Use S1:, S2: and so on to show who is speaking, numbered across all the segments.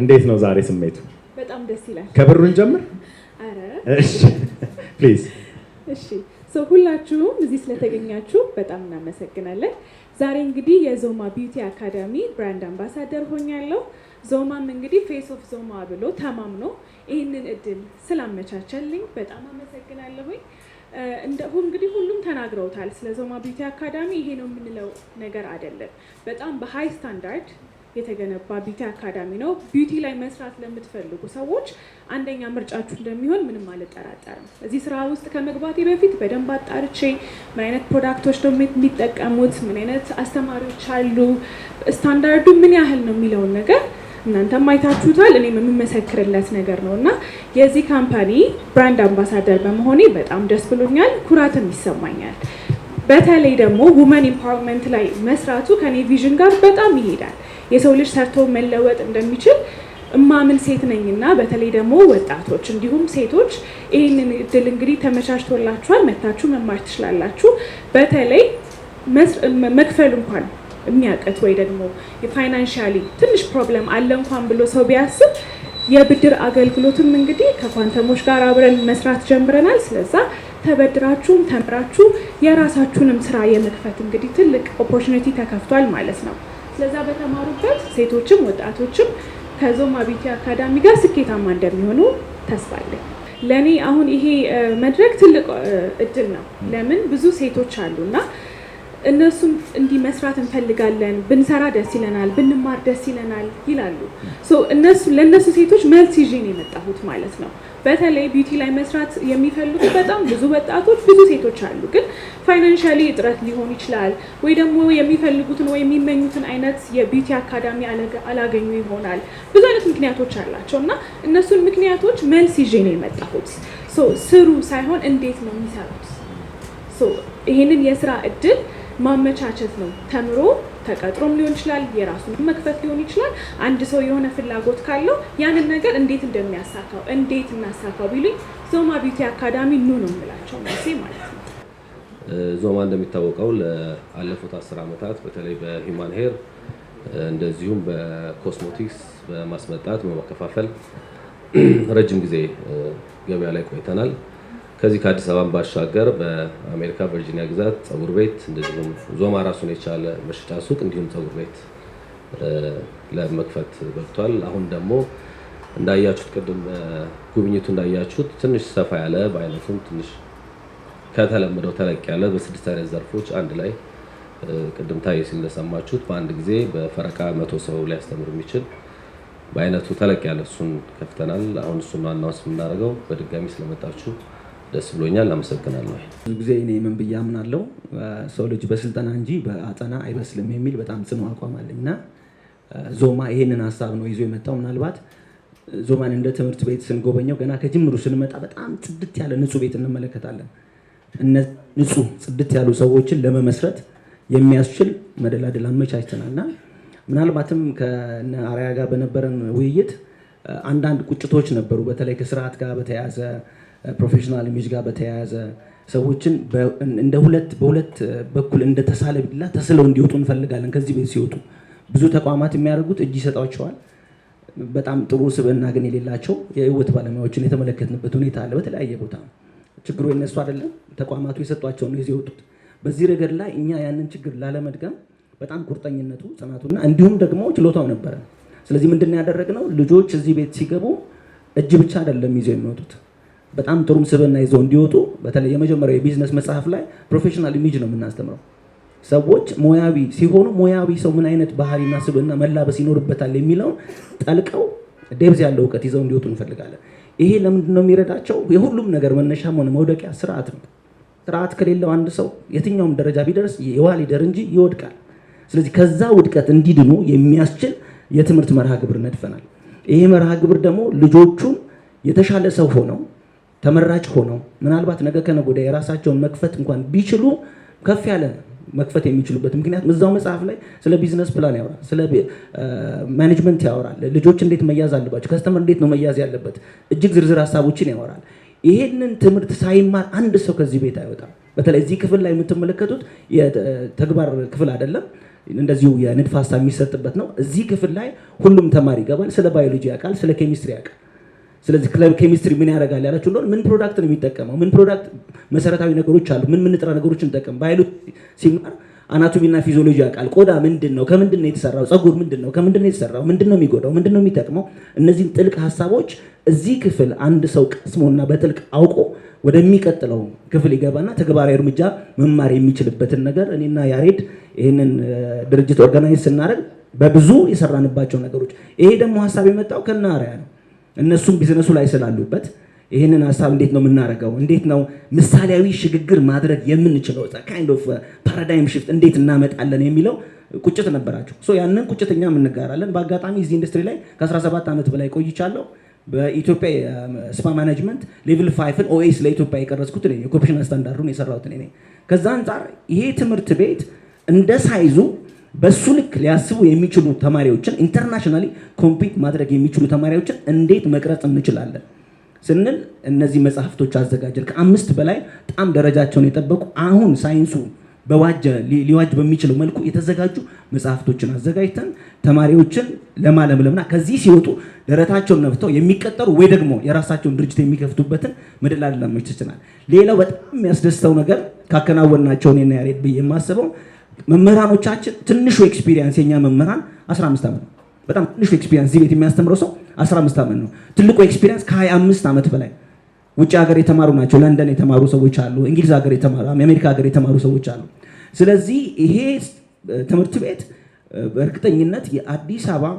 S1: እንዴት ነው ዛሬ ስሜቱ?
S2: በጣም ደስ ይላል።
S1: ከብሩን ጀምር።
S2: አረ እሺ፣ ፕሊዝ። እሺ ሰው ሁላችሁም እዚህ ስለተገኛችሁ በጣም እናመሰግናለን። ዛሬ እንግዲህ የዞማ ቢዩቲ አካዳሚ ብራንድ አምባሳደር ሆኛለሁ። ዞማም እንግዲህ ፌስ ኦፍ ዞማ ብሎ ተማምኖ ይህንን እድል ስላመቻቸልኝ በጣም አመሰግናለሁኝ። እንደሁ እንግዲህ ሁሉም ተናግረውታል ስለ ዞማ ቢዩቲ አካዳሚ። ይሄ ነው የምንለው ነገር አይደለም። በጣም በሃይ ስታንዳርድ የተገነባ ቢቲ አካዳሚ ነው። ቢቲ ላይ መስራት ለምትፈልጉ ሰዎች አንደኛ ምርጫችሁ እንደሚሆን ምንም አልጠራጠርም። እዚህ ስራ ውስጥ ከመግባቴ በፊት በደንብ አጣርቼ ምን አይነት ፕሮዳክቶች ነው የሚጠቀሙት፣ ምን አይነት አስተማሪዎች አሉ፣ ስታንዳርዱ ምን ያህል ነው የሚለውን ነገር እናንተም አይታችሁታል፣ እኔም የምመሰክርለት ነገር ነው እና የዚህ ካምፓኒ ብራንድ አምባሳደር በመሆኔ በጣም ደስ ብሎኛል፣ ኩራትም ይሰማኛል። በተለይ ደግሞ ውመን ኢምፓወርመንት ላይ መስራቱ ከኔ ቪዥን ጋር በጣም ይሄዳል። የሰው ልጅ ሰርቶ መለወጥ እንደሚችል እማምን ሴት ነኝ እና በተለይ ደግሞ ወጣቶች እንዲሁም ሴቶች ይህንን እድል እንግዲህ ተመቻችቶላችኋል። መታችሁ መማር ትችላላችሁ። በተለይ መክፈል እንኳን የሚያቀት ወይ ደግሞ የፋይናንሻሊ ትንሽ ፕሮብለም አለ እንኳን ብሎ ሰው ቢያስብ የብድር አገልግሎትም እንግዲህ ከኳንተሞች ጋር አብረን መስራት ጀምረናል። ስለዛ ተበድራችሁም ተምራችሁ የራሳችሁንም ስራ የመክፈት እንግዲህ ትልቅ ኦፖርቹኒቲ ተከፍቷል ማለት ነው። ስለዛ በተማሩበት ሴቶችም ወጣቶችም ከዞማ ቢቲ አካዳሚ ጋር ስኬታማ እንደሚሆኑ ተስፋ አለኝ። ለእኔ አሁን ይሄ መድረክ ትልቅ እድል ነው። ለምን ብዙ ሴቶች አሉና እነሱም እንዲህ መስራት እንፈልጋለን፣ ብንሰራ ደስ ይለናል፣ ብንማር ደስ ይለናል ይላሉ። እነሱ ለእነሱ ሴቶች መልስ ይዤ ነው የመጣሁት ማለት ነው። በተለይ ቢዩቲ ላይ መስራት የሚፈልጉ በጣም ብዙ ወጣቶች፣ ብዙ ሴቶች አሉ። ግን ፋይናንሻሊ እጥረት ሊሆን ይችላል ወይ ደግሞ የሚፈልጉትን ወይ የሚመኙትን አይነት የቢዩቲ አካዳሚ አላገኙ ይሆናል። ብዙ አይነት ምክንያቶች አላቸው እና እነሱን ምክንያቶች መልስ ይዤ ነው የመጣሁት። ስሩ ሳይሆን እንዴት ነው የሚሰሩት ይህንን የስራ እድል ማመቻቸት ነው። ተምሮ ተቀጥሮም ሊሆን ይችላል፣ የራሱን መክፈት ሊሆን ይችላል። አንድ ሰው የሆነ ፍላጎት ካለው ያንን ነገር እንዴት እንደሚያሳካው እንዴት እናሳካው ቢሉኝ ዞማ ቢዩቲ አካዳሚ ኑ ነው የምላቸው መሴ
S3: ማለት ነው። ዞማ እንደሚታወቀው ለአለፉት አስር ዓመታት በተለይ በሂውማን ሄር እንደዚሁም በኮስሞቲክስ በማስመጣት በመከፋፈል ረጅም ጊዜ ገበያ ላይ ቆይተናል። ከዚህ ከአዲስ አበባን ባሻገር በአሜሪካ ቨርጂኒያ ግዛት ጸጉር ቤት እንደዚሁም ዞማ ራሱን የቻለ መሸጫ ሱቅ እንዲሁም ጸጉር ቤት ለመክፈት በቅቷል። አሁን ደግሞ እንዳያችሁት ቅድም ጉብኝቱ እንዳያችሁት ትንሽ ሰፋ ያለ በአይነቱም ትንሽ ከተለመደው ተለቅ ያለ በስድስት አይነት ዘርፎች አንድ ላይ ቅድም ታየ ሲል እንደሰማችሁት በአንድ ጊዜ በፈረቃ መቶ ሰው ሊያስተምር የሚችል በአይነቱ ተለቅ ያለ እሱን ከፍተናል። አሁን እሱን ዋናውን የምናደርገው በድጋሚ ስለመጣችሁ ደስ ብሎኛል። አመሰግናለሁ። ብዙ ጊዜ እኔ ምን ብዬ
S4: አምናለሁ ሰው ልጅ በስልጠና እንጂ በአጠና አይበስልም የሚል በጣም ጽኑ አቋም አለኝ እና ዞማ ይሄንን ሀሳብ ነው ይዞ የመጣው። ምናልባት ዞማን እንደ ትምህርት ቤት ስንጎበኘው ገና ከጅምሩ ስንመጣ በጣም ጽድት ያለ ንጹህ ቤት እንመለከታለን። ንጹህ ጽድት ያሉ ሰዎችን ለመመስረት የሚያስችል መደላደል አመቻችተናል እና ምናልባትም አርያ ጋር በነበረን ውይይት አንዳንድ ቁጭቶች ነበሩ። በተለይ ከስርዓት ጋር በተያያዘ ፕሮፌሽናል ሚውዚክ ጋር በተያያዘ ሰዎችን እንደ ሁለት በሁለት በኩል እንደ ተሳለ ቢላ ተስለው እንዲወጡ እንፈልጋለን። ከዚህ ቤት ሲወጡ ብዙ ተቋማት የሚያደርጉት እጅ ይሰጣቸዋል። በጣም ጥሩ ስብዕና ግን የሌላቸው የህይወት ባለሙያዎችን የተመለከትንበት ሁኔታ አለ። በተለያየ ቦታ ችግሩ የነሱ አይደለም፣ ተቋማቱ የሰጧቸው ነው የወጡት። በዚህ ረገድ ላይ እኛ ያንን ችግር ላለመድገም በጣም ቁርጠኝነቱ ጽናቱና እንዲሁም ደግሞ ችሎታው ነበረ። ስለዚህ ምንድን ያደረግነው ልጆች እዚህ ቤት ሲገቡ እጅ ብቻ አይደለም ይዘው የሚወጡት በጣም ጥሩም ስብና ይዘው እንዲወጡ በተለይ የመጀመሪያው የቢዝነስ መጽሐፍ ላይ ፕሮፌሽናል ኢሜጅ ነው የምናስተምረው። ሰዎች ሙያዊ ሲሆኑ ሙያዊ ሰው ምን አይነት ባህሪና ስብና መላበስ ይኖርበታል የሚለውን ጠልቀው ዴብዝ ያለው እውቀት ይዘው እንዲወጡ እንፈልጋለን። ይሄ ለምንድን ነው የሚረዳቸው? የሁሉም ነገር መነሻ ሆነ መውደቂያ ስርዓት ነው። ስርዓት ከሌለው አንድ ሰው የትኛውም ደረጃ ቢደርስ የዋ ሊደር እንጂ ይወድቃል። ስለዚህ ከዛ ውድቀት እንዲድኑ የሚያስችል የትምህርት መርሃ ግብር ነድፈናል። ይሄ መርሃ ግብር ደግሞ ልጆቹን የተሻለ ሰው ሆነው ተመራጭ ሆነው ምናልባት ነገ ከነገ ወዲያ የራሳቸውን መክፈት እንኳን ቢችሉ ከፍ ያለ መክፈት የሚችሉበት ምክንያት እዛው መጽሐፍ ላይ ስለ ቢዝነስ ፕላን ያወራል፣ ስለ ማኔጅመንት ያወራል፣ ልጆች እንዴት መያዝ አለባቸው፣ ከስተመር እንዴት ነው መያዝ ያለበት፣ እጅግ ዝርዝር ሀሳቦችን ያወራል። ይሄንን ትምህርት ሳይማር አንድ ሰው ከዚህ ቤት አይወጣም። በተለይ እዚህ ክፍል ላይ የምትመለከቱት የተግባር ክፍል አይደለም፣ እንደዚሁ የንድፍ ሀሳብ የሚሰጥበት ነው። እዚህ ክፍል ላይ ሁሉም ተማሪ ይገባል። ስለ ባዮሎጂ ያውቃል፣ ስለ ኬሚስትሪ ያውቃል። ስለዚህ ክለብ ኬሚስትሪ ምን ያደርጋል ያላችሁ እንደሆነ ምን ፕሮዳክት ነው የሚጠቀመው? ምን ፕሮዳክት መሰረታዊ ነገሮች አሉ? ምን ምን ንጥረ ነገሮች እንጠቀም? ባይሉ ሲማር አናቶሚና ፊዚዮሎጂ ያውቃል። ቆዳ ምንድን ነው? ከምንድን ነው የተሰራው? ጸጉር ምንድን ነው? ከምንድን ነው የተሰራው? ምንድን ነው የሚጎዳው? ምንድን ነው የሚጠቅመው? እነዚህን ጥልቅ ሀሳቦች እዚህ ክፍል አንድ ሰው ቀስሞና በጥልቅ አውቆ ወደሚቀጥለው ክፍል ይገባና ተግባራዊ እርምጃ መማር የሚችልበትን ነገር እኔና ያሬድ ይህንን ድርጅት ኦርጋናይዝ ስናደርግ በብዙ የሰራንባቸው ነገሮች ይሄ ደግሞ ሀሳብ የመጣው ከነ አርያ ነው እነሱም ቢዝነሱ ላይ ስላሉበት ይህንን ሀሳብ እንዴት ነው የምናደርገው? እንዴት ነው ምሳሌያዊ ሽግግር ማድረግ የምንችለው? ካይንድ ኦፍ ፓራዳይም ሽፍት እንዴት እናመጣለን የሚለው ቁጭት ነበራቸው። ያንን ቁጭት እኛም እንጋራለን። በአጋጣሚ እዚህ ኢንዱስትሪ ላይ ከ17 ዓመት በላይ ቆይቻለሁ። በኢትዮጵያ um, ስፓ ማናጅመንት ሌቭል ፋይፍን ኦኤስ ለኢትዮጵያ የቀረጽኩት የኮፕሽናል ስታንዳርዱን የሰራሁት ከዛ አንጻር ይሄ ትምህርት ቤት እንደ ሳይዙ በሱ ልክ ሊያስቡ የሚችሉ ተማሪዎችን ኢንተርናሽናሊ ኮምፒት ማድረግ የሚችሉ ተማሪዎችን እንዴት መቅረጽ እንችላለን ስንል እነዚህ መጽሐፍቶች አዘጋጀን። ከአምስት በላይ በጣም ደረጃቸውን የጠበቁ አሁን ሳይንሱ በዋጀ ሊዋጅ በሚችለው መልኩ የተዘጋጁ መጽሐፍቶችን አዘጋጅተን ተማሪዎችን ለማለምለምና ከዚህ ሲወጡ ደረታቸውን ነፍተው የሚቀጠሩ ወይ ደግሞ የራሳቸውን ድርጅት የሚከፍቱበትን መደላደል ችናል። ሌላው በጣም የሚያስደስተው ነገር ካከናወናቸው እኔና ያሬድ ብዬ የማስበው መምህራኖቻችን ትንሹ ኤክስፒሪየንስ የኛ መምህራን 15 ዓመት ነው። በጣም ትንሹ ኤክስፒሪየንስ እዚህ ቤት የሚያስተምረው ሰው 15 ዓመት ነው። ትልቁ ኤክስፒሪየንስ ከ25 ዓመት በላይ ውጭ ሀገር የተማሩ ናቸው። ለንደን የተማሩ ሰዎች አሉ። እንግሊዝ ሀገር የተማሩ፣ የአሜሪካ ሀገር የተማሩ ሰዎች አሉ። ስለዚህ ይሄ ትምህርት ቤት በእርግጠኝነት የአዲስ አበባ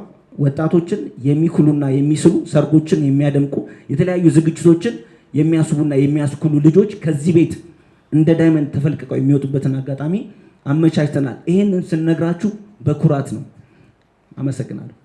S4: ወጣቶችን የሚኩሉና የሚስሉ ሰርጎችን የሚያደምቁ የተለያዩ ዝግጅቶችን የሚያስቡና የሚያስኩሉ ልጆች ከዚህ ቤት እንደ ዳይመንድ ተፈልቅቀው የሚወጡበትን አጋጣሚ አመቻችተናል። ይህንን ስነግራችሁ በኩራት ነው። አመሰግናለሁ።